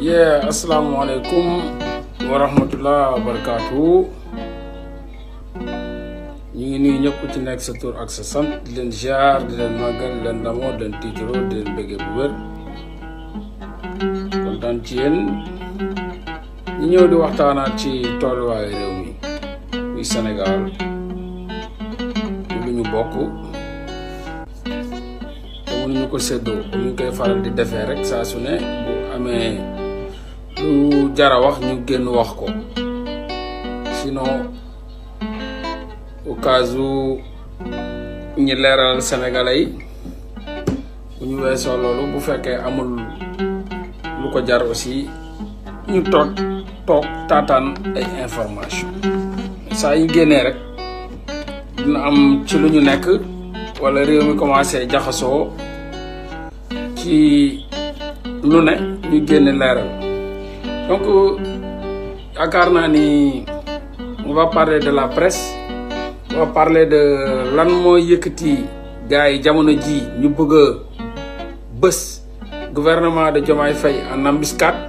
yeah asalaamaaleykum wa rahmatullah wa ñu ngi nii ñëpp ci nekk sa tur ak sa sant di leen jaar di leen màggal di leen damoo di leen bëggee bu wér kontaan ci yéen ñu ñëw di waxtaanaat ci tolluwaayu réew muy Sénégal lu ñu bokk mënu ñu ko séddoo ñu koy faral di defee rek saa su ne bu amee lu jara wax ñu génn wax ko sinon au cas où ñi leeral sénégalais yi bu ñu weesoo loolu bu fekkee amul lu ko jar aussi ñu toog toog taataan ay information saa yu génnee rek dina am ci lu ñu nekk walla réew mi commencé jaxasoo ci lu ne ñu génne leeral donc yaakaar naa ni on va parler de la presse on va parler de lan mooy yëkkati gars yi jamono ji ñu bëgg a bës gouvernement de Diomaye Faye a embuscade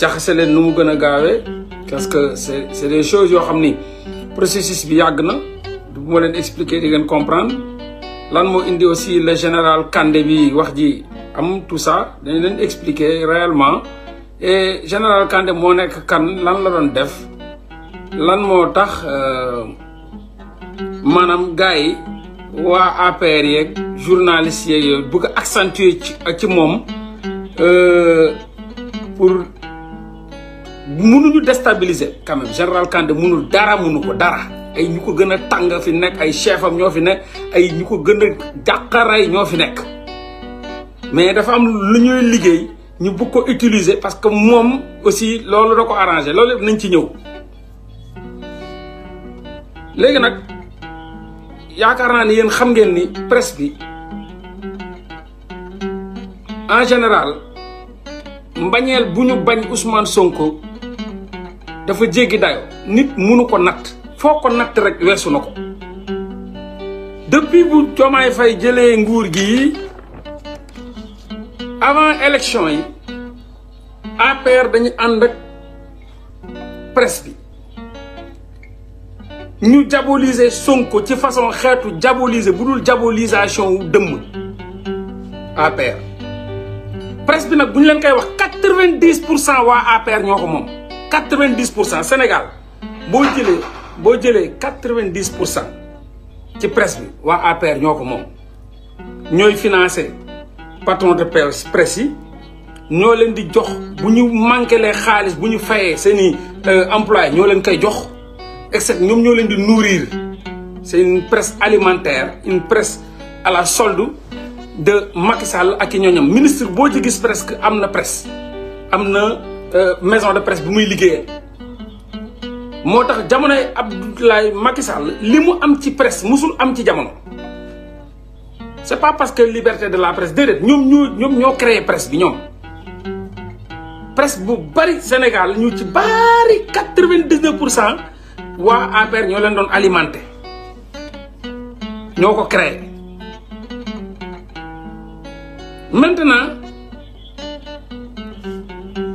jaxase leen nu mu gën a gaawee parce que c'est c'est des choses yoo xam ni processus bi yàgg na bu ma leen expliquer di ngeen comprendre lan moo indi aussi le général Kandé bi wax ji am tout ça dañ leen expliquer réellement et général Kandé moo nekk kan lan la doon def lan moo tax euh, maanaam gars yi waa APR yeeg journaliste yeeg yooyu bëgg accentuer ci moom euh, pour mënuñu déstabiliser quand même général Kandé mënul dara mënu ko dara ay ñu ko gën a tàng fi nekk ay chef am ñoo fi nekk ay ñu ko gën a jàqaray ñoo fi nekk mais dafa am lu ñuy liggéey ñu bëgg ko utiliser parce que moom aussi loolu da ko arrangé loolu yëpp nañ ci ñëw léegi nag yaakaar naa ni yéen xam ngeen ni presse bi en général mbañeel bu ñu bañ Ousmane Sonko dafa jéggi dayo nit munu ko natt foo ko natt rek weesu na ko depuis bu Diomaye fay jëlee nguur gi avant élection yi APR dañu ànd ak presse bi ñu diaboliser Sonko ci façon xeetu diaboliser bu dul diabolisation wu dëmm APR presse bi nag bu ñu leen koy wax quatre-vingt-dix pour cent waa APR ñoo ko moom quatre pour cent Sénégal boo jëlee boo jëlee quatre-vingt-dix pour cent ci presse bi waa APR ñoo ko moom ñooy financé patron de presse yi ñoo leen di jox bu ñu manqué lee xaalis bu ñu fayee seen i euh, employé ñoo leen koy jox except ñoom ñoo leen di nourrir c'est une presse alimentaire une presse à la solde de Macky ak i ñooñam ministre boo ci gis presque am na presse am na euh, maison de presse bu muy liggéeyee moo tax jamonoy Abdoulaye Macky Sall li mu am ci presse musul am ci jamono c'est pas parce que liberté de la presse déedéet ñoom ñoo ñoom ñoo créé presse bi ñoom. presse bu bari Sénégal ñu ci bari quatre vingt dix pour cent waa APR ñoo leen doon alimenté ñoo ko créé maintenant.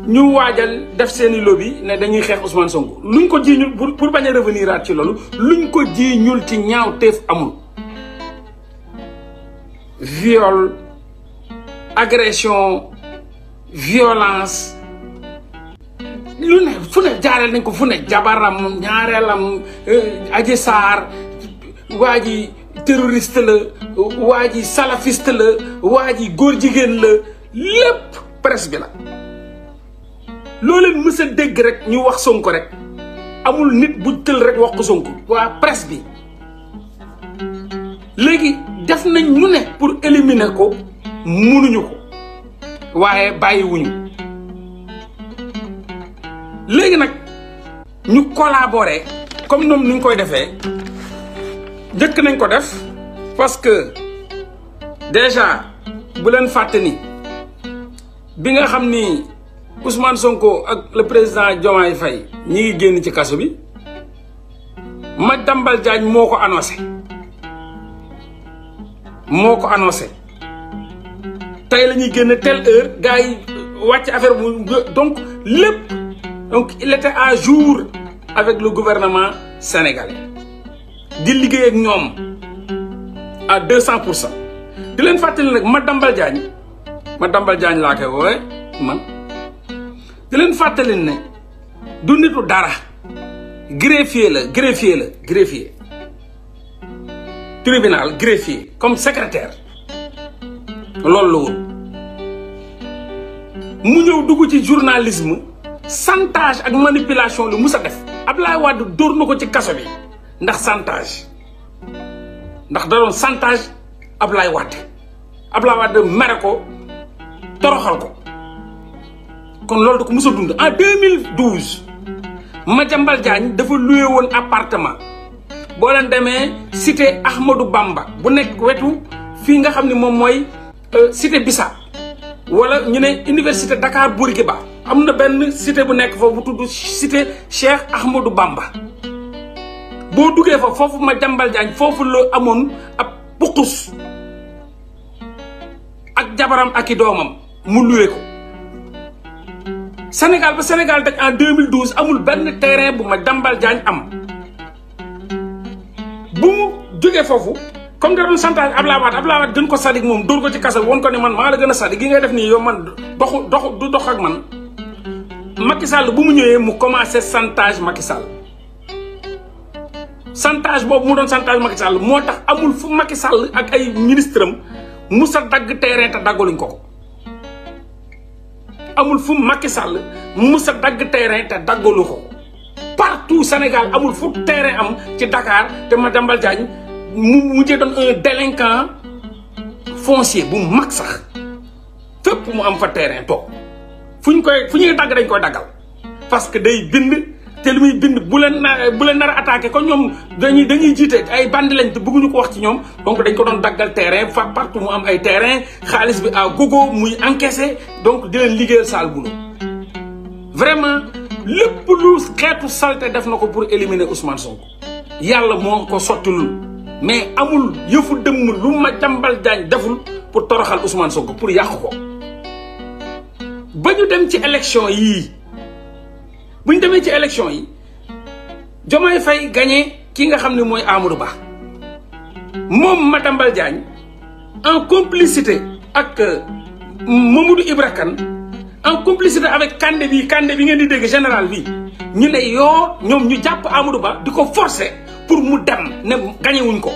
ñu waaja def seeni i lobby ne dañuy xeex Ousmane Sonko luñ ko jiiñul pour pour bañ a revenir aat ci loolu lu ñu ko jiiñul ci ñaaw teef amul viol agression violence lu ne fu ne jaareel nañ ko fu ne jabaram ñaareelam euh, aji saar waa ji terroriste la waa ji salafiste la waa ji góor jigéen la lépp presse bi la loo leen dégg rek ñu wax Sonko rek amul nit bu tël rek wax ko Sonko waa presse bi léegi def nañ ñu ne pour éliminer ko munuñu ko waaye bàyyiwuñu léegi nag ñu collaborer comme noonu ni ñu koy defee njëkk nañ ko def parce que déjà buleen leen fàtte ni bi nga xam ni. Ousmane Sonko ak le président Diomaye fay ñi ngi génn ci kaso bi ma dambal Diagne moo ko annoncé moo ko annoncé tey lañuy génn telle heure gars yi wàcc affaire mu donc lépp donc il était à jour avec le gouvernement sénégalais di liggéey ak ñoom à deux cent pour cent di leen fàttali nag ma dambal Diagne ma dambal Diagne laa koy woowee man di leen fàttali ne du nitu dara greffier la greffier la greffier tribunal greffier comme secrétaire loolu la mu ñëw dugg ci journalisme chantage ak manipulation lu mu sa def Abdoulaye Wade dóor na ko ci kaso bi ndax chantage ndax da doon chantage Abdoulaye Wade Abdoulaye Wade mere ko toroxal ko kon loolu da ko mos a dund en 2012 Madiambal Diagne dafa loué woon appartement boo leen demee cité Ahmadou Bamba bu nekk wetu fii nga xam ne moom mooy euh, cité Bissap wala ñu ne université Dakar ba am na benn cité bu nekk foofu bu tudd cité Cheikh Ahmadou Bamba boo duggee fa foofu Madiambal Diagne foofu la amoon ab puqus ak jabaram ak i doomam mu loué ko. Sénégal ba Sénégal daj en 2012 amul benn terrain bu ma Dambal Diagne am bu mu jógee foofu comme da doon santaane Abdoulaye Wade Abdoulaye Wade gën ko sadik moom dóor ko ci kasa woon ko ne man maa la gën a sadik gi ngay def nii yow man doxu doxu du dox ak man Macky sàll bu mu ñëwee mu commencé chantage Macky Sall chantage boobu mu doon chantage Macky Sall moo tax amul fu makki Sall ak ay ministre am mu sa dagg terrain te daggaluñ ko ko amul fu Macky Sall mu sa dagg terrain te daggalu ko partout Sénégal amul fu terrain am ci dakaar te ma Madiambal Diagne mu mujjee doon un délinquant foncier bu mag sax fépp mu am fa terrain toog fu ñu koy fu ñuy dagg dañ koy daggal parce que day bind. te lu muy bind bu leen bu leen nar attaqué ko ñoom dañuy dañuy jiite ay bandi lañ te bëgguñu ko wax ci ñoom donc dañ ko doon daggal terrain fa partout mu am ay terrain xaalis bi à gogo muy encaissé donc di leen liggéeyal sale boulot vraiment lépp lu xeetu saleté def na ko pour éliminer Ousmane Sonko yàlla moo ko sottilul mais amul yëfu dëmm lu ma jàmbal jaañ deful pour toroxal Ousmane Sonko pour yàqu ko ba ñu dem ci élection yii bu ñu demee ci élection yi Diomaye fay gagné ki nga xam ne mooy Amadou Ba moom Matambal Diagne en complicité ak euh, Mamadou Ibra Kane en complicité avec Kandé bi Kandé bi ngeen di dégg général bi ñu ne yoo ñoom ñu jàpp Amadou Ba di ko forcer pour mu dem ne gagné wuñ ko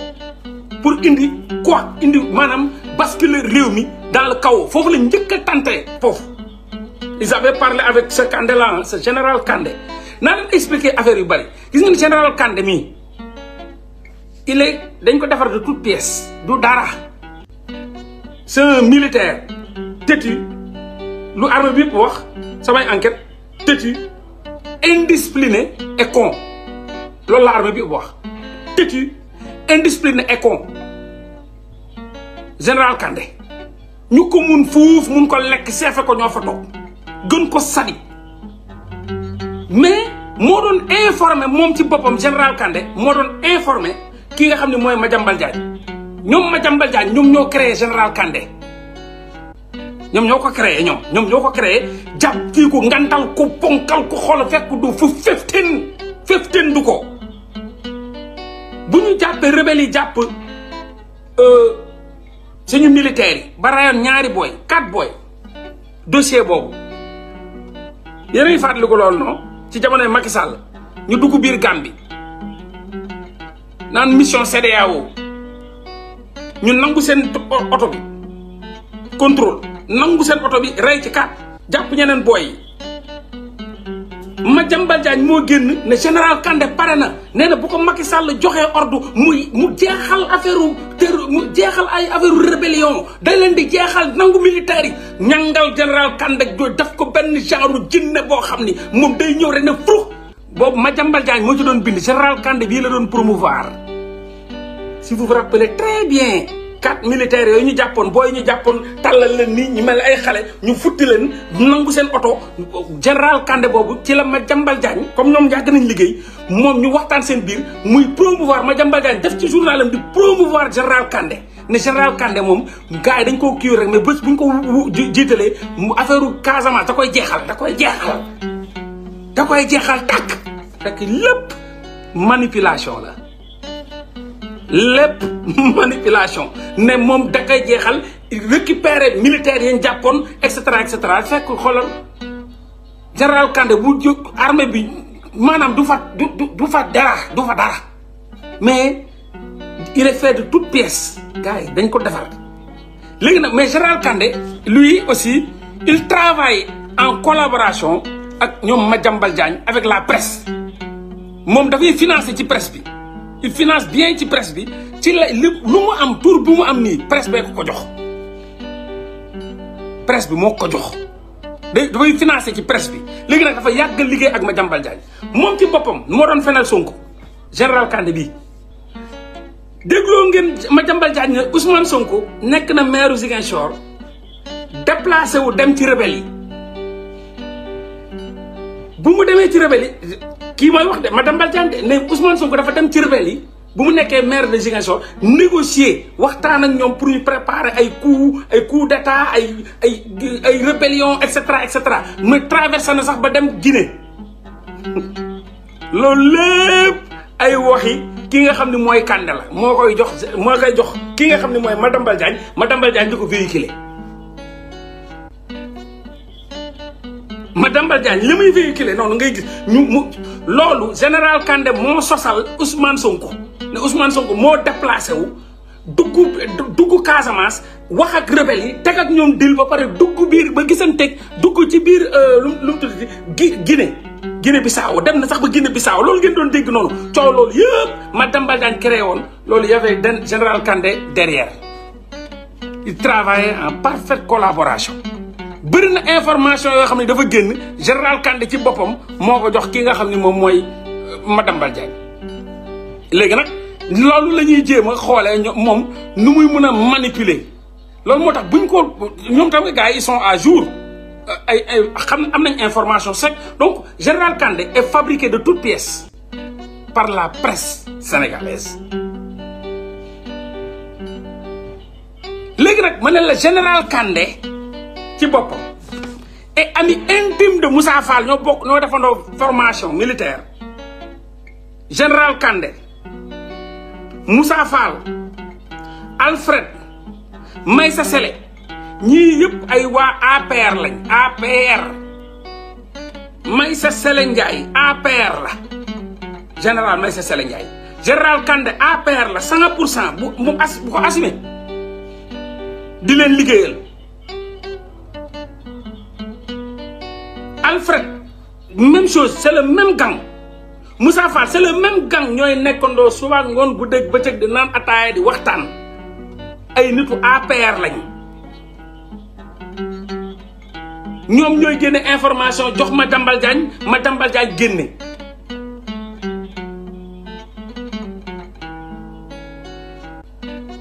pour indi quoi indi maanaam basculer réew mi daal kaw foofu la njëkk a tenté foofu. ils avaient parlé avec ce Kandé là général Kandé naa leen affaire yu bëri gis ngeen général Kandé mii il est dañ ko defar de toute pièce du dara c'est militaire têtu lu armée bi yëpp wax samay enquête têtu indiscipliné et loolu la bi yëpp wax têtu indiscipliné et général Kandé ñu ko mun fuuf mun ko lekk seefe ko ñoo fa gën ko sadi mais moo doon informé moom ci boppam général Kandé moo doon informé ki nga xam ne mooy Madiambal Diagne ñoom Madiambal Diagne ñoom ñoo créé général Kandé ñoom ñoo ko créé ñoom ñoom ñoo ko créé jàpp kii ko ngantal ko ponkal ko xool fekk du fu fifteen fifteen du ko bu ñu jàppee rebelle yi jàpp euh, suñu militaires ba rayoon ñaari booy quatre booy dossier boobu yére a ngi fàttaliku loolu non ci jamonoy Macky Sall ñu dugg biir Gambie naan mission CEDEAO ñu nangu seen oto bi contrôle nangu seen oto bi rey ci kaat jàpp ñeneen booy Madiambal Diagne moo génn ne général Kandé pare na nee na bu ko Macky Sall joxee ordre muy mu jeexal affaire terre mu jeexal ay affaire rébellion day leen di jeexal nangu militaire yi ñangal général Kandé jooy daf ko benn genre jinne boo xam ni moom day ñëw rek ne frux boobu Madiambal Diagne moo ci doon bind général Kandé bii la doon promouvoir si vous vous rappelez très bien quatre militaires yooyu ñu jàppoon booy ñu jàppoon tàllal leen nii ñu mel ay xale ñu futti leen nangu seen oto général Kandé boobu ci la ma Madiambal Diagne comme ñoom yàgg nañ liggéey moom ñu waxtaan seen biir muy ma Madiambal Diagne def ci journalam di promouvoir général Kandé ne général kande moom gars yi dañ koo kii rek mais bu ñu ko jiitalee mu affaire Casamance da koy jeexal da koy jeexal da koy jeexal tàkk fekk lépp manipulation la lépp manipulation ne moom da jeexal récupérer militaires yi ñu jàppoon et cetera et cetera fekk xoolal général Kandé bu jóg armée bi maanaam du fa du du fa dara du fa dara mais il est fait de toutes pièces gars yi dañ ko defar léegi nag mais général kande lui aussi il travaille en collaboration ak ñoom ma jàmbal Diagne avec la presse moom dafay financer ci presse bi. il finance bien ci presse bi ci la li lu mu am tur bu mu am nii presse bee ko ko jox presse bi moo ko jox day financé ci presse bi léegi nag dafa yàgg liggéey ak ma Madiambal Diagne moom ci boppam moo doon fenal Sonko général Kandé bii dégloo ngeen Madiambal Diagne ne Ousmane Sonko nekk na maire Ziguinchor déplacé wu dem ci rebelle yi bu mu demee ci rebelle yi kii mooy wax de madame Baldiane de ne Ousmane Sonko dafa dem ci rebelle yi bu mu nekkee maire de Ziguinchor négocier waxtaan ak ñoom pour ñu préparer ay coup ay coup d'état ay ay ay rébellion et cetera et cetera mais traversé na sax ba dem Guinée loolu lépp ay waxi ki nga xam ne mooy Kande moo koy jox moo koy jox ki nga xam ne mooy madame Baldiane madame Baldiane di ko véhiculer Mademba Diagne li muy véhiculer noonu ngay gis ñu mu loolu général Kandé moo sosal Ousmane Sonko ne Ousmane Sonko moo déplacé wu dugg dugg Casamance wax ak rebelle yi teg ak ñoom dil ba pare dugg biir ba gisanteeg dugg ci biir euh, lu lu mu tudd gi Guinée Guinée Bissau dem na sax ba Guinée Bissau loolu ngeen doon dégg noonu coow loolu yëpp Mademba Diagne créé woon loolu y avait général Kandé derrière il travaillait en parfaite collaboration bëri na information yoo xam ne dafa génn général Kandé ci boppam moo ko jox ki nga xam ne moom mooy euh, madame Baldiagne léegi nag loolu la ñuy jéem a xoolee moom nu muy mun a manipuler loolu moo tax buñ ko ñoom tamit gars yi ils à jour euh, ay ay xam am nañ information sec donc général Kandé est fabriqué de toutes pièces par la presse sénégalaise. léegi nag ma ne la général Kandé. ci boppam et ami intime de Moussa Fall ñoo defandoo formation militaire général Kandé Moussa Fall Alfred Maysa Sele ñii yëpp ay waa APR lañ APR Maysa Sele Ndiaye APR la général Maysa Sele Ndiaye général Kandé APR la cent pour cent bu mu as bu ko assumé di leen liggéeyal Alfred même chose c' est gang Moussa Fall c' gang ñooy nekkandoo suba ngoon bu dégg bëccëg di naan ataaya di waxtaan ay nitu APR lañ ñoom ñooy génne information jox ma Dambal Diagne génne.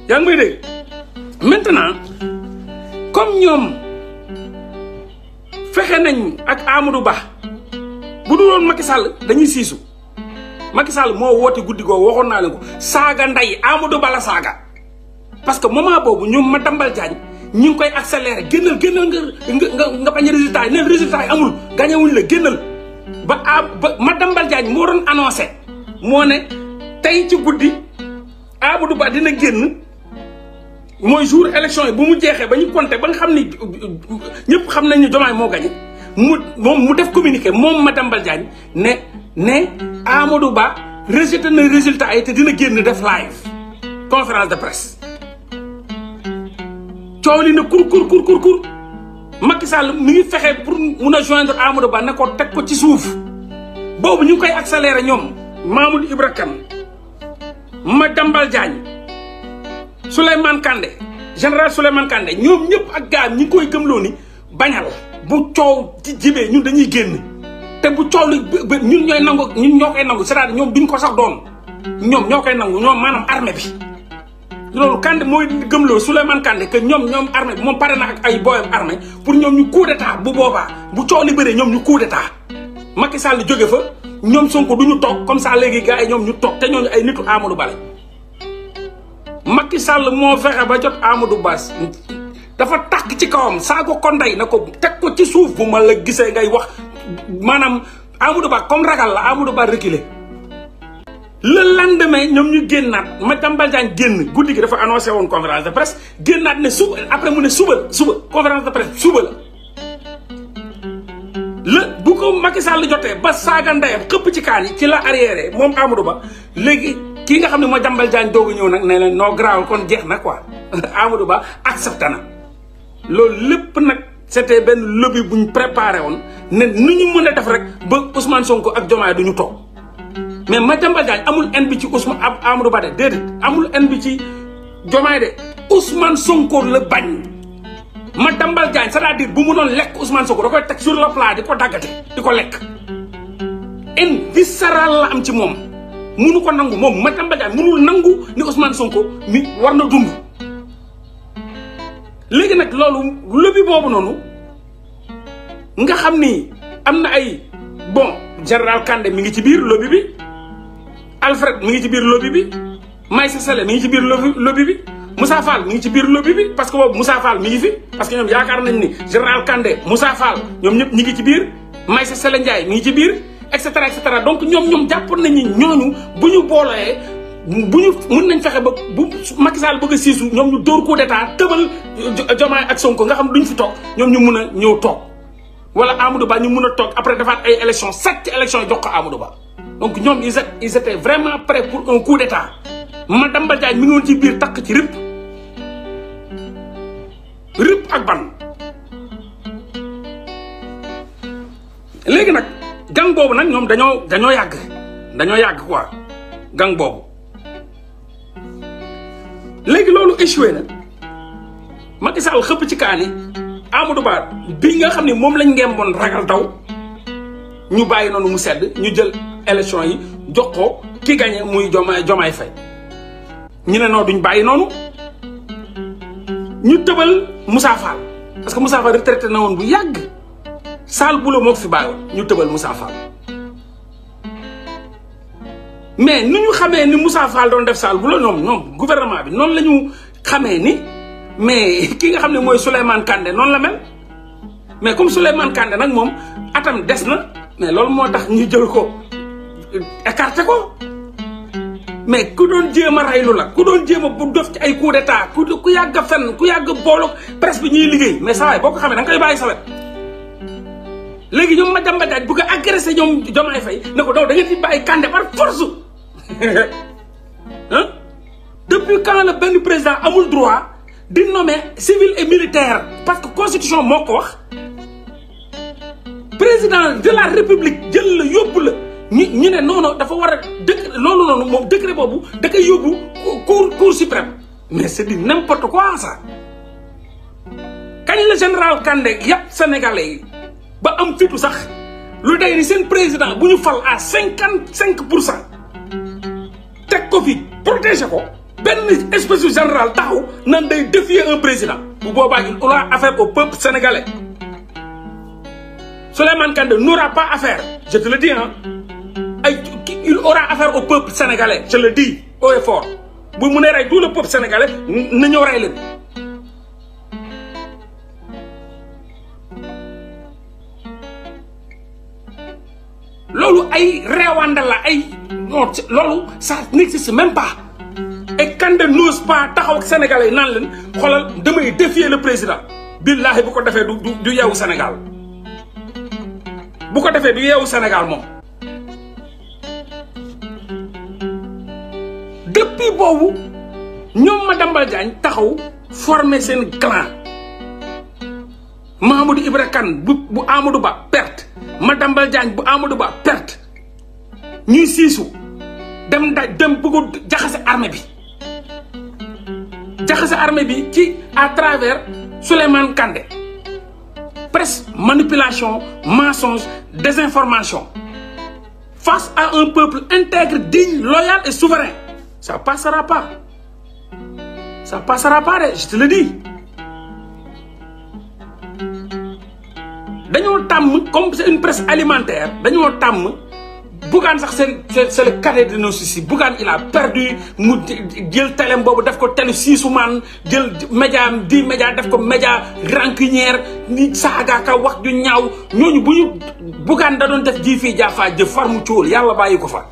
yaa ngi may dégg maintenant comme ñoom. fexe nañ ak Amadou Ba bu dul woon Macky Sall dañuy siisu Macky Sall moo woote guddi goo woxoon naa leen ko saaga ndey Amadou Ba la saaga. parce que moment boobu ñoom ma dambal jaañ ñi ngi koy accéléré génnal génnal nga nga nga bañ résultat yi neen résultat yi amul gagné wuñ la génnal ba ab ma dambal jaañ moo doon annoncé moo ne tey ci guddi Amadou Ba dina génn. mooy jour élection yi bu mu jeexee ba ñu compté ba nga xam ni ñëpp xam nañ ne Diomaye moo gagné mu moom mu def communiqué moom Madame Bal Diagne ne ne Amadou Ba rejeté na résultat yi te dina génn def live conférence de presse coow li ne kur kur kur kur kur Macky Sall mi ngi fexee pour mun a joindre Amadou Ba ne ko teg ko ci suuf boobu ñu ngi koy accéléré ñoom Mamoudou Ibra Kane Madame Bal Diagne Souleymane Kandé général Souleymane Kandé ñoom ñëpp ak gaam ñi ngi koy gëmloo ni bañal bu coow ci jibee ñun dañuy génn te bu coow li ñun ñooy nangu ñun ñoo koy nangu c'est-à-dire duñ ko sax doom ñoom ñoo koy nangu ñoom maanaam armée bi loolu kande mooy gëmloo Souleymane Kandé que ñoom ñoom armée bi moom pare na ak ay booyam armée pour ñoom ñu coup d'état bu boobaa bu coow li bëree ñoom ñu coup d'état Macky Sall jóge fa ñoom Sonko du ñu toog comme saa léegi gars yi ñoom ñu toog te ñooñu ay nitu Amadou bale Macky Sall moo fexe ba jot Amadou baas dafa tàkk ci kawam saago ko ndey na ko teg ko ci suuf bu ma la gisee ngay wax maanaam Amadou Ba comme ragal la Amadou Ba reculé. le lendemain ñoom ñu génnaat Madiambal Diagne génn guddi gi dafa annoncé woon conférence de presse génnaat ne suba après mu ne suba suba conférence de presse suba la. la bu ko Macky Sall jotee ba saaga ndeyam xëpp ci kaan ci la arrière moom Amadou Ba léegi. kii nga xam ne moo Jambal Diagne doog a ñëw nag ne leen noo graaw kon jeex na quoi Amadou Ba accepté na loolu lépp nag c'était benn lobby buñ préparé woon ne nu ñu mën a def rek ba Ousmane Sonko ak Diomaye du ñu toog mais ma Jambal jaañ amul haine bi ci Ousmane Amadou Ba de amul haine bi ci Diomaye de Ousmane Sonko la bañ ma Jambal Diagne c'est-à-dire bu mu doon lekk Ousmane Sonko da koy teg sur le plat di ko daggate di ko lekk haine viscérale la am ci moom. munu ko nangu moom Matamba Dia munul nangu ni Ousmane Sonko mi war na dund. léegi nag loolu lobby boobu noonu nga xam ni am na ay bon général Kandé mi ngi ci biir lobby bi Alfred mi ngi ci biir lobby bi Maïssa Sele mi ngi ci biir lobby bi. Moussa Fall mi ngi ci biir lobby bi parce que boobu Moussa mi ngi fi parce que ñoom yaakaar nañ ni général Kandé Moussa ñoom ñëpp ñi ngi ci biir Maïssa Sele Ndiaye mi ngi ci biir. et cetera et donc ñoom ñoom jàppoon nañu ñooñu bu ñu boolee bu ñu mun nañ fexe ba bu Macky Sall bëgg a siisu ñoom ñu dóor coup d'état tëbal Diomaye ak Sonko nga xam duñ fi toog ñoom ñu mun a ñëw toog wala Amadou Ba ñu mun a toog après defaat ay élection sept élection jox ko Amadou Ba donc ñoom ils ils vraiment prêts pour un coup d'état Madame Ba Diagne mi ngi woon ci biir takk ci rëpp rëpp ak ban léegi nag gang boobu nag ñoom dañoo dañoo yàgg dañoo yàgg quoi gang boobu léegi loolu échoué na Macky Sall xëpp ci kaani Amadou Ba bi nga xam ne moom lañ ngemboon ragal daw ñu bàyyi noonu mu sedd ñu jël élection yi jox ko ki gagné muy jomaay jomaay fay ñu ne noonu duñ bàyyi noonu ñu tëbal Moussa Fall parce que Moussa Fall na woon bu yàgg. sal bulo moo ko fi bàyyoon ñu tëbal Moussa Fall mais nu ñu xamee ni mussa Fall doon def sal bulo noonu ñoom gouvernement bi noonu la ñu xamee ni mais ki nga xam ne mooy Souleymane Kandé noonu la mel mais comme Souleymane Kandé nag moom atam des na mais loolu moo tax ñu jël ko écarté ko mais ku doon jéem a raylu la ku doon jéem a bu def ci ay coup d'état ku yàgg a fenn ku yàgg a boolog presse ñuy liggéey mais saa waay boo ko xamee da nga koy bàyyi sa léegi ñoom ma Mademba Diagne bu ko agressé ñoom Diomaye Faye ne ko daw da nga fi bàyyi Kandé par force ah depuis quand la benn président amul droit di nommer civil et militaire parce que constitution moo ko wax président de la république jël la yóbbu la ñu ñu ne non dafa war a dëkk loolu noonu moom décret boobu da koy yóbbu cour cour suprême mais c'est du n'importe quoi ça kañ la général Kandé yàpp sénégalais yi ba am fitu sax lu day ni seen président bu ñu fal à cinquante cinq pour cent teg ko fi protéger ko benn espèce général taxaw nan day défier un président bu boobaa il aura affaire au peuple sénégalais Souleymane Kandé n'aura pas affaire je te le dis ah il aura affaire au peuple sénégalais je le dis haut et bu mu ne rey tout le peuple sénégalais na ñëw rey leen loolu ay réewande la ay loolu sa n'existe même pas et quand on n'ose pas taxaw ak sénégalais yi naan leen xoolal damay défier le président billaahi bu ko defee du du yeewu Sénégal bu ko defee du yeewu senegal moom depuis boobu ñoom ma Dambal Diagne taxaw former seen clan Mamadou Ibra Kane bu bu Amadou Ba perte Madiambal Diagne bu Amadou Ba perte ñuy siisu dem daj dem bëgg a jaxase armée bi jaxase armée bi ci à travers Souleymane Kandé presse manipulation mensonge désinformation face à un peuple intègre digne loyal et souverain ça passera pas ça passera pas de je te le dis dañoo tàmm comme c'est une presse alimentaire dañoo tàmm Bougane sax c'est c'est le cadet de nos soucis Bougane il a perdu mu jël telem boobu daf ko telu siisumaan jël média di média daf ko média rancunière ni saagaaka wax ju ñaaw ñooñu bu ñu Bougane da doon def ji fii jaafaa jëf far mu cóol yàlla bàyyi ko fa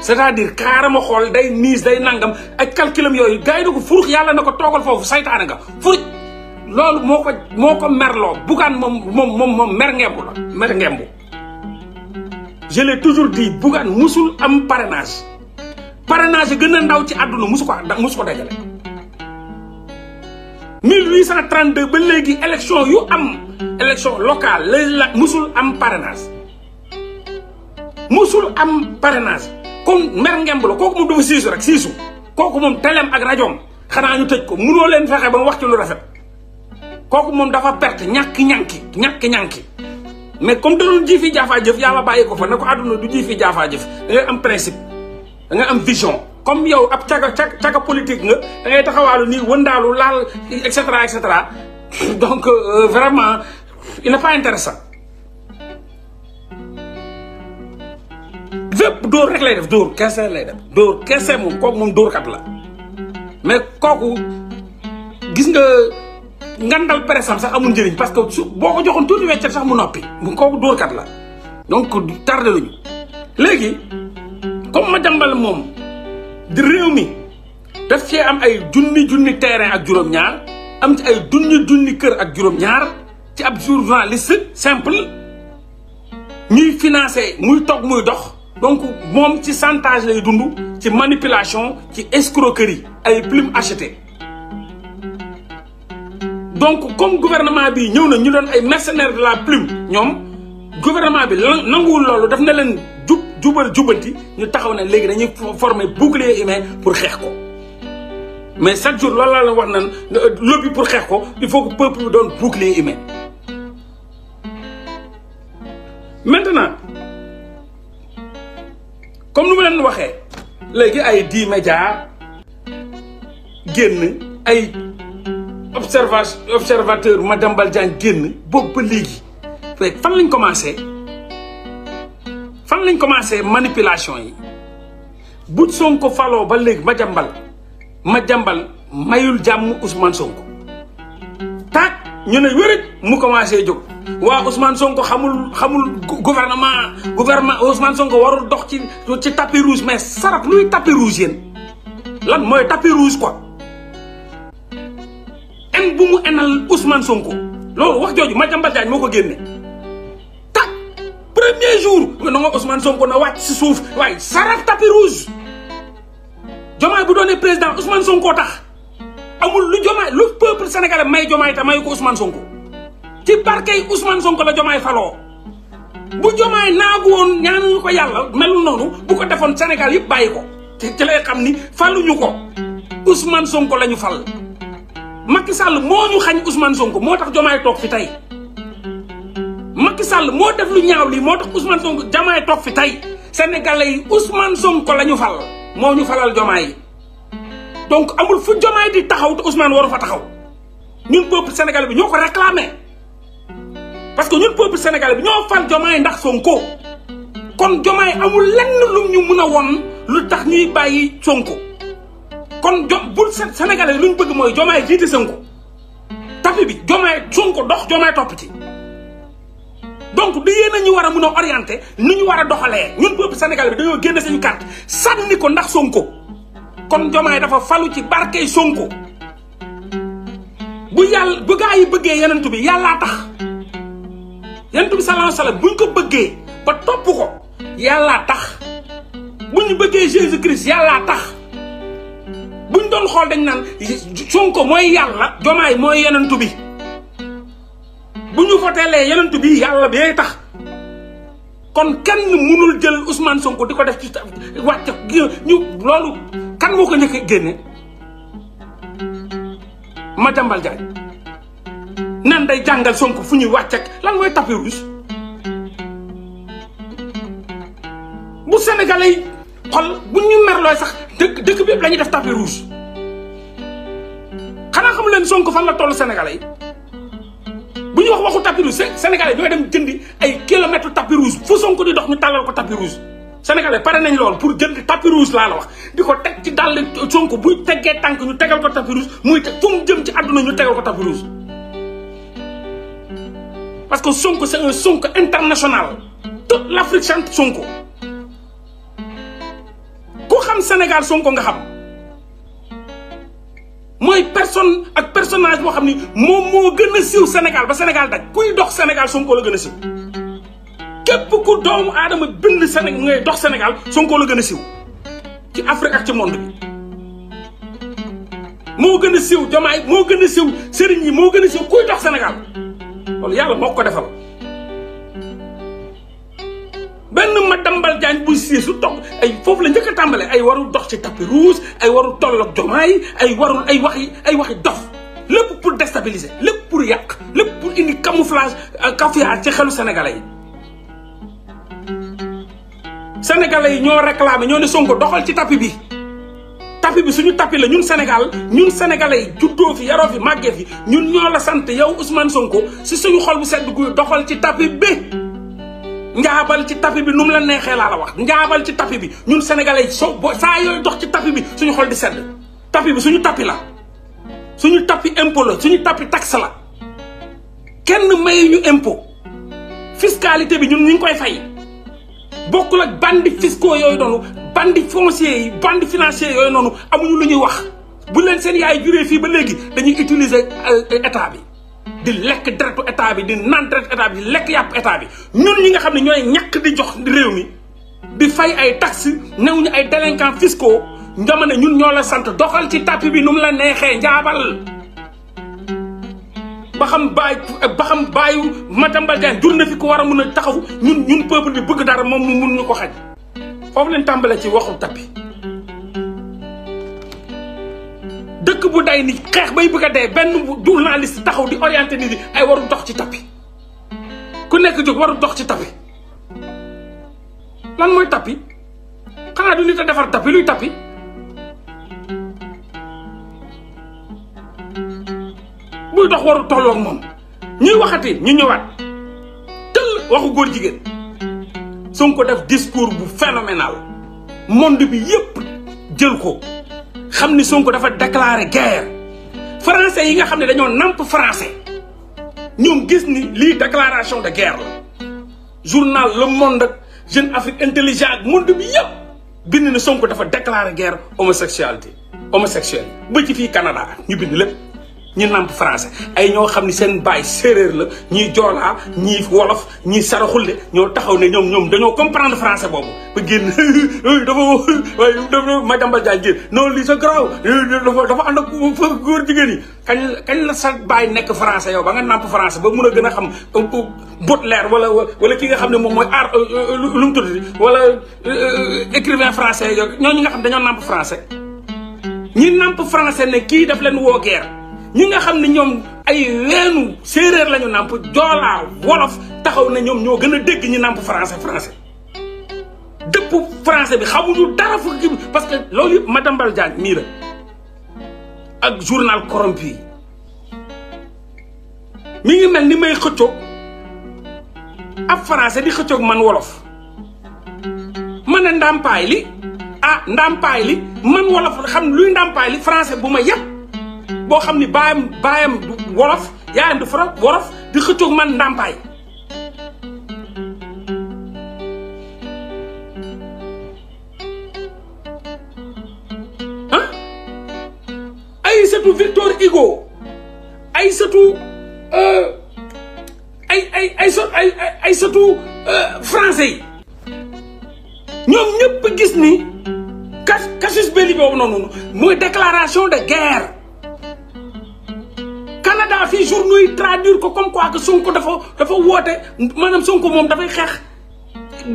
c'est-à-dire kaarama xool day niis day nangam ak calculam yooyu gars yi na ko furux yàlla na ko toogal foofu saytaane nga furux loolu moo ko moo ko merloo Bougane moom moom moom moom mer ngembu la mer ngembu je l'ai toujours dit Bougane musul am parenage parenage gën a ndaw ci àdduna musu ko musu ko dajale 1832 ba léegi élection yu am élection locale la musul am parenage musul am parrainage kon mer ngemb la kooku moom dafa siisu rek siisu kooku moom teleem ak rajoom xanaa ñu tëj ko munoo leen fexe ba mu wax ci lu rafet kooku moom dafa perte ñàkki ñànki ñàkki ñànki mais comme da doon jiifi jaafaa jëf yàlla bàyyi ko fa ne ko àdduna du jiifi jaafaa jëf da ngay am principe da nga am vision comme yow ab caga caga politique nga da ngay taxawaalu nii wëndaalu laal et cetera et cetera donc euh, vraiment il n'est pas intéressant lépp dóor rek lay def dóor kese lay def dóor kese moom kooku moom dóorkat la mais kooku gis nga ngandal presam sax amul njëriñ parce que su boo ko joxoon tuuti weccat sax mu noppi bu kooku dóorkat la donc tardé nañu léegi comme ma jàmbal moom di réew mi daf cee am ay junni junni terrain ak juróom-ñaar am ci ay junni junni kër ak juróom-ñaar ci ab journaliste simple ñuy financé muy toog muy dox donc moom ci chantage lay dund ci manipulation ci escroquerie ay plume achetée donc comme gouvernement bi ñëw na ñu doon ay mercenaires de la plume ñoom gouvernement bi lan nanguwul loolu daf na leen jub jubal jubanti ñu taxaw ne léegi dañuy former bouclier humain pour xeex ko mais chaque jour loolu laa leen wax naan lobby pour xeex ko il faut que peuple bi doon bouclier humain maintenant comme nu ma leen waxee léegi ay di média génn ay observa ma Madiambal Diagne génn boobu ba léegi fan lañ commencé fan lañ commencé manipulation yi bu Sonko faloo ba léegi ma jàmbal ma jàmbal mayul jàmm Ousmane Sonko taag ñu ne wérëj mu commencé jóg waa Ousmane Sonko xamul xamul gouvernement gouvernement Ousmane Sonko warul dox ci ci tapis rouge mais sarap luy tapis rouge yéen lan mooy tapis rouge quoi en bu mu enal Ousmane Sonko loolu wax jooju Madiambal Diagne moo ko génne tak premier jour nga na nga Sonko na wàcc si suuf waay saraf tapis rouge Diomaye bu doonee président Ousmane Sonko tax amul lu Diomaye lu peuple sénégalais may Diomaye te may ko Ousmane Sonko ci barkey Ousmane Sonko la Diomaye faloo bu Diomaye naagu woon ñaanuñu ko yàlla melul noonu bu ko defoon Sénégal yëpp bàyyi ko ci lay xam ni ñu ko Ousmane Sonko la ñu fal Macky Sall moo ñu xañ Ousmane Sonko moo tax Diomaye toog fi tey Macky sàll moo def lu ñaaw lii moo tax Ousmane Sonko Diomaye toog fi tey sénégalais yi Ousmane Sonko la ñu fal moo ñu falal Diomaye donc amul fu Diomaye di taxaw te Ousmane waru fa taxaw ñun peuple sénégalais bi ñoo ko réclamé parce que ñun peuple sénégalais bi ñoo fal Diomaye ndax Sonko kon Diomaye amul lenn lum ñu mën a woon lu tax ñuy bàyyi Sonko. kon jom bul Sénégalais lu ñu bëgg mooy Diomaye jiite Sonko tapi bi Diomaye Sonko dox Diomaye topp ci donc di yéen war a mun a orienté ni ñu war a doxalee ñun peuple senegal bi dañoo génne sañu carte sànni ko ndax Sonko kon Diomaye dafa falu ci barkey Sonko bu yàlla bu gaa yi bëggee yenentu bi yàllaa tax yenentu bi sallallahu alayhi wasallam buñ ko bëggee ba topp ko yàllaa tax bu ñu bëggee Jésus Christ yàllaa tax buñ doon xool dañ naan Sonko mooy yàlla jomaay mooy yenentu bi bu ñu voteelee yenentu bi yàlla bee tax kon kenn mënul jël Ousmane Sonko di ko def ci wàcc ñu loolu kan moo ko njëkk génne Madiambal Diagne nan day jàngal Sonko fu ñuy wàcc ak lan mooy tapis rouge bu sénégalais xol bu ñu merlooy sax dëkk dëkk bépp la ñuy def tapis rouge xanaa xamu leen Sonko fan la toll Sénégalais yi bu ñu wax waxu tapis rouge Sénégalais ñoo dem jëndi ay kilomètres tapis rouge fu Sonko di dox ñu tàllal ko tapis rouge. Sénégalais pare lool pour jënd tapis rouge di ko teg ci dàll Sonko buy teggee tànk ñu tegal ko tapis rouge muy teg jëm ci àdduna ñu tegal ko tapis rouge. parce que Sonko c'est un international toute l'Afrique sant Sonko. ku xam senegal Sonko nga xam mooy personne ak personnage boo xam ni moom moo gën a siiw Sénégal ba senegal daj kuy dox Sénégal Sonko la gën a siiw képp ku doomu aadama bind Sénégal ngay dox senegal Sonko la gën a siw ci Afrique ak ci monde bi moo gën a siiw Diomaye moo gën a siiw sëriñ yi moo gën a siiw kuy dox Sénégal loolu yàlla moo ko defal. benn ma dambal jaañ buy sii su toog ay foofu la njëkk a tàmbale ay warul dox ci tapis rouge ay warul tolloog jomaay ay warul ay waxi ay waxi dof lépp pour déstabiliser lépp pour yàq lépp pour indi camouflage euh, cafouillage ci xelu sénégalais yi sénégalais yi ñoo réclamé ñoo ne Sonko doxal ci tapis bi tapis bi suñu tapis la ñun Sénégal ñun sénégalais yi juddoo fi yaroo fi màggee fi ñun ñoo la sant yow Ousmane Sonko si suñu xol bu sedd guy doxal ci tapis bi njaabal ci tapi bi nu mu la neexee laa la wax njaabal ci tapi bi ñun sénégalais soo boo saa yooyu dox ci tapi bi suñu xol di sedd tapi bi suñu tapi la suñu tapi impôt la suñu tapi taxe la kenn mayuñu impôt fiscalité bi ñun ñu koy fay bokkul ak bandi fiscaux yooyu noonu bandi foncier yi bandi financier yooyu noonu amuñu lu ñuy wax bu leen seen yaay juree fii ba léegi dañuy utiliser euh, état bi di lekk deretu état bi di naan deretu état bi di lekk yàpp état bi ñun ñi nga xam ne ñooy ñàkk di jox réew mi di fay ay taxes ñu ay délinquants fiscaux njama ne ñun ñoo la sant doxal ci tapis bi nu mu la neexee njaabal ba xam baay ba xam baayu Matamba Diagne jur na fi ko war a mun a taxaw ñun ñun peuple bi bëgg dara moom mu mun ñu ko xaj foofu leen tàmbale ci waxu tapis bu day ni xeex bay bëgg a dee benn journaliste taxaw di orienté nit ñi ay waru dox ci tapis ku nekk jóg waru dox ci tapis lan mooy tapis xanaa du nit a defar tapis luy tapis buy dox waru tolloog moom ñuy waxati ñu ñëwaat tëll waxu góor jigéen Sonko def discours bu phénoménal monde bi yëpp jël ko xam ni Sonko dafa déclaré guerre français yi nga xam ne dañoo namp français ñoom gis ni lii déclaration de guerre la journal Le Monde Jeune Afrique Intelligent ak monde bi yëpp bind na Sonko dafa déclaré guerre homosexualité homosexuel ba ci fii Canada ñu bind lépp. ñu namp français ay ñoo xam ni seen baay séeréer la ñii joolaa ñii wolof ñii saraxulle ñoo taxaw ne ñoom ñoom dañoo comprendre français boobu ba génn dafa waaye dafa ma jàmbal jaay génn noonu lii sa garaaw dafa dafa ànd ak fa góor jigéen kañ kañ la sa baay nekk français yow ba nga namp français boobu mun a gën a xam Baudelaire wala wala ki nga xam ne moom mooy art euh, euh, lu mu tuddati wala euh, écrivain français yo ñu nga xam dañoo namp français ñi namp français ne kii daf leen woo guerre ñi nga xam ne ñoom ay weenu séeréer lañu nàmp joolaa wolof taxaw na ñoom ñoo gën a dégg ñu nàmp français français dëpp français bi xamuñu dara fu kii parce que loolu yëpp madame Bal Diagne mii la ak journal corrompu yi mi ngi mel ni may xëccoog ab français di xëccoog man wolof ma a ndàmpaay li ah ndàmpaay li man wolof xam luy ndàmpaay li français bu ma yàpp boo xam ni baayam baayam du wolof yaayam du fara wolof di xëccoog man ndàmpaay ah ay sëtu Victor Hugo ay sëtu ay ay ay ay ay yi ñoom ñëpp gis ni casus belli boobu noonu mooy déclaration de guerre Kadhafi journaux yi traduire ko comme quoi que Sonko dafa dafa woote maanaam Sonko moom dafay xeex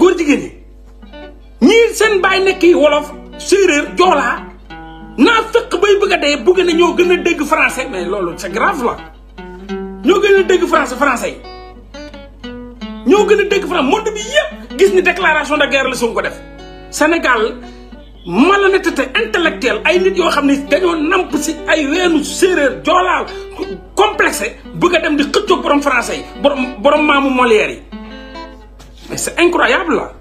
góor jigéen ñi ñii seen baay nekk yi wolof séeréer joolaa naa fekk bay bëgg a dee bëgg na ñoo gën a dégg français mais loolu ñoo gën a dégg français français yi ñoo gën a dégg français monde bi yëpp gis ni déclaration de guerre la ko def senegal malhonnêteté intellectuelle ay nit yoo xam ne dañoo namp si ay weenu séeréer joolaal complexé bëgg a dem di xëccoog borom français yi borom borom maamu Molière yi mais c'est incroyable là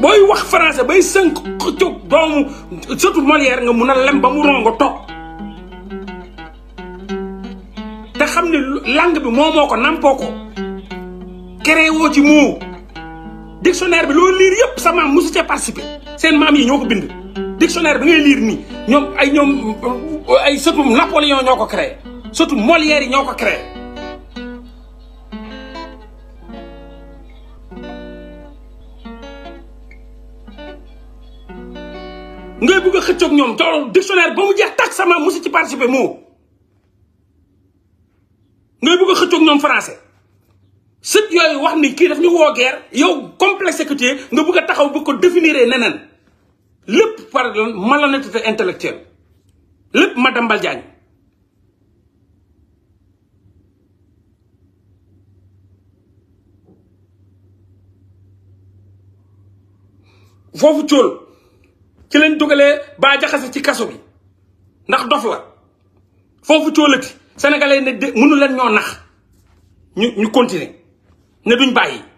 booy wax français bay sënk xëccoog doomu surtout Molière nga mun a lem ba mu rongo toog te xam ne langue bi moo ko nampoo ko créé woo ci dictionnaire bi loolu liir yëpp sa maam mosu cee participé seen maam yi ñoo ko bind dictionnaire bi ngay liir nii ñoom ay ñoom ay ñoo ko créé surtout Molière yi ñoo ko créé ngay bëgg a xëccoog ñoom toolu ba mu jeex tak sama mosu ci participer moo ngay bëgg a xëccoog ñoom français sët yooyu wax ni kii daf ñu woo guerre yow complexe que nga bugg a taxaw bu ko définir neneen lépp par la malhonnêteté intellectuelle lépp Madame Bal Diagne foofu cóol ci lañ dugalee baa jaxase ci kaso bi ndax dof la foofu cóolati sénégalais ne de mënu leen ñoo nax ñu ñu continuer ne duñ bàyyi